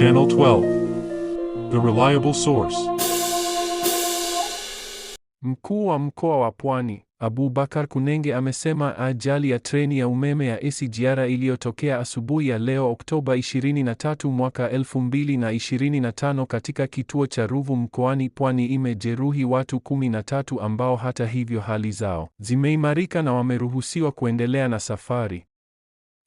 Channel 12. The Reliable Source. Mkuu wa Mkoa wa Pwani, Abubakar Kunenge amesema ajali ya treni ya umeme ya SGR iliyotokea asubuhi ya leo Oktoba 23 mwaka 2025 katika kituo cha Ruvu mkoani Pwani imejeruhi watu 13 ambao hata hivyo hali zao zimeimarika na wameruhusiwa kuendelea na safari.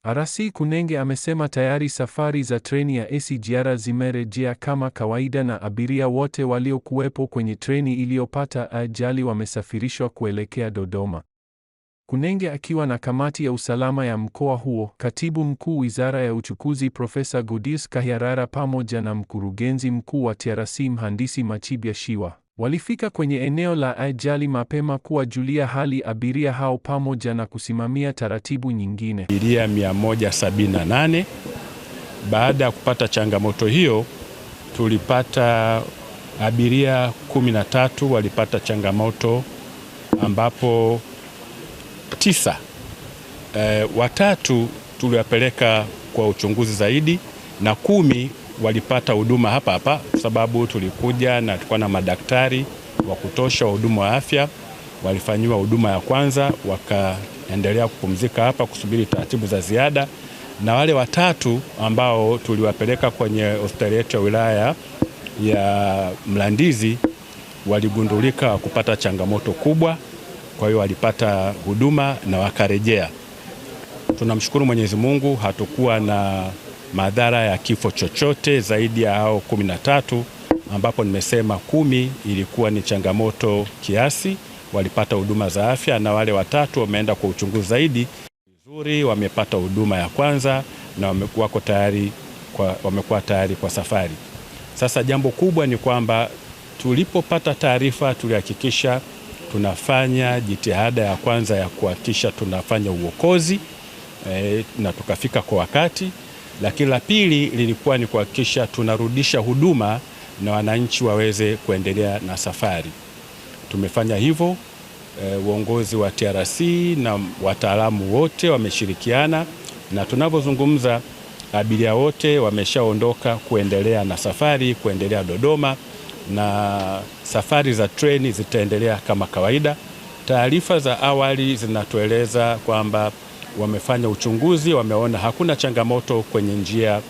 Arasi Kunenge amesema tayari safari za treni ya SGR zimerejea kama kawaida na abiria wote waliokuwepo kwenye treni iliyopata ajali wamesafirishwa kuelekea Dodoma. Kunenge akiwa na kamati ya usalama ya mkoa huo, Katibu Mkuu Wizara ya Uchukuzi Profesa Godius Kahyarara pamoja na Mkurugenzi Mkuu wa TRC Mhandisi Machibya Shiwa Walifika kwenye eneo la ajali mapema kuwajulia hali abiria hao pamoja na kusimamia taratibu nyingine. Abiria 178. Baada ya kupata changamoto hiyo, tulipata abiria 13 walipata changamoto ambapo tisa, e, watatu tuliwapeleka kwa uchunguzi zaidi na kumi walipata huduma hapa hapa, sababu tulikuja na tulikuwa na madaktari wa kutosha, wahudumu wa afya walifanyiwa huduma ya kwanza, wakaendelea kupumzika hapa kusubiri taratibu za ziada, na wale watatu ambao tuliwapeleka kwenye hospitali yetu ya wilaya ya Mlandizi waligundulika kupata changamoto kubwa, kwa hiyo walipata huduma na wakarejea. Tunamshukuru Mwenyezi Mungu hatukuwa na madhara ya kifo chochote zaidi ya hao kumi na tatu, ambapo nimesema kumi ilikuwa ni changamoto kiasi, walipata huduma za afya, na wale watatu wameenda kwa uchunguzi zaidi vizuri, wamepata huduma ya kwanza na wamekuwa tayari kwa, wamekuwa tayari kwa safari. Sasa jambo kubwa ni kwamba tulipopata taarifa tulihakikisha tunafanya jitihada ya kwanza ya kuhakikisha tunafanya uokozi e, na tukafika kwa wakati lakini la pili lilikuwa ni kuhakikisha tunarudisha huduma na wananchi waweze kuendelea na safari. Tumefanya hivyo e, uongozi wa TRC na wataalamu wote wameshirikiana, na tunavyozungumza abiria wote wameshaondoka kuendelea na safari, kuendelea Dodoma, na safari za treni zitaendelea kama kawaida. Taarifa za awali zinatueleza kwamba wamefanya uchunguzi, wameona hakuna changamoto kwenye njia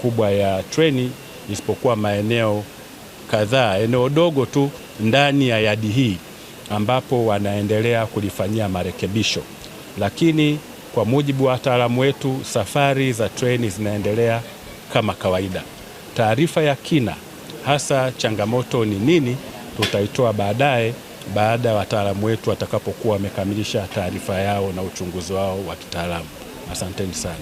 kubwa ya treni isipokuwa maeneo kadhaa, eneo dogo tu ndani ya yadi hii ambapo wanaendelea kulifanyia marekebisho, lakini kwa mujibu wa wataalamu wetu, safari za treni zinaendelea kama kawaida. Taarifa ya kina hasa changamoto ni nini tutaitoa baadaye baada ya wataalamu wetu watakapokuwa wamekamilisha taarifa yao na uchunguzi wao wa kitaalamu. Asanteni sana.